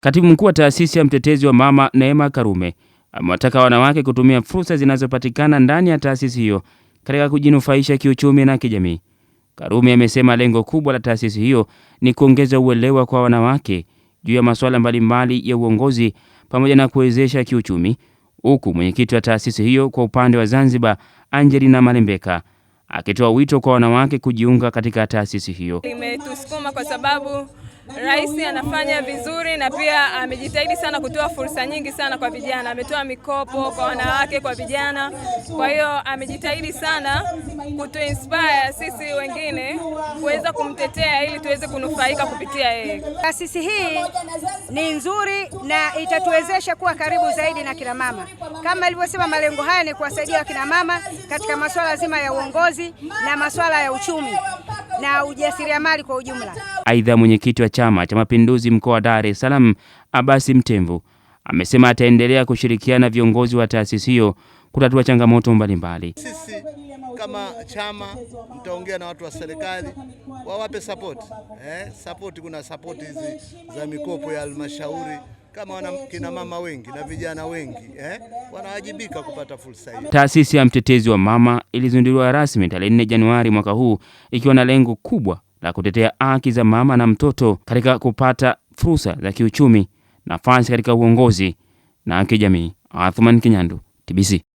Katibu mkuu wa taasisi ya mtetezi wa mama Neema Karume amewataka wanawake kutumia fursa zinazopatikana ndani ya taasisi hiyo katika kujinufaisha kiuchumi na kijamii. Karume amesema lengo kubwa la taasisi hiyo ni kuongeza uelewa kwa wanawake juu ya masuala mbalimbali ya uongozi pamoja na kuwezesha kiuchumi, huku mwenyekiti wa taasisi hiyo kwa upande wa Zanzibar Angelina Malembeka akitoa wito kwa wanawake kujiunga katika taasisi hiyo. Imetusukuma kwa sababu Rais anafanya vizuri na pia amejitahidi sana kutoa fursa nyingi sana kwa vijana, ametoa mikopo kwa wanawake, kwa vijana. Kwa hiyo amejitahidi sana kutu inspire sisi wengine kuweza kumtetea ili tuweze kunufaika kupitia yeye. Taasisi hii ni nzuri na itatuwezesha kuwa karibu zaidi na kina mama. Kama alivyosema, malengo haya ni kuwasaidia wakina mama katika masuala zima ya uongozi na masuala ya uchumi na ujasiriamali kwa ujumla. Aidha, mwenyekiti wa Chama cha Mapinduzi mkoa wa Dar es Salaam Abasi Mtemvu amesema ataendelea kushirikiana na viongozi wa taasisi hiyo kutatua changamoto mbalimbali. Sisi kama chama mtaongea na watu wa serikali wawape sapoti eh, sapoti. Kuna sapoti hizi za mikopo ya halmashauri kama kina mama wengi na vijana wengi eh, wanawajibika kupata fursa hiyo. Taasisi ya Mtetezi wa Mama ilizinduliwa rasmi tarehe 4 Januari mwaka huu ikiwa na lengo kubwa la kutetea haki za mama na mtoto katika kupata fursa za kiuchumi, nafasi katika uongozi na kijamii. Athman Kinyandu, TBC.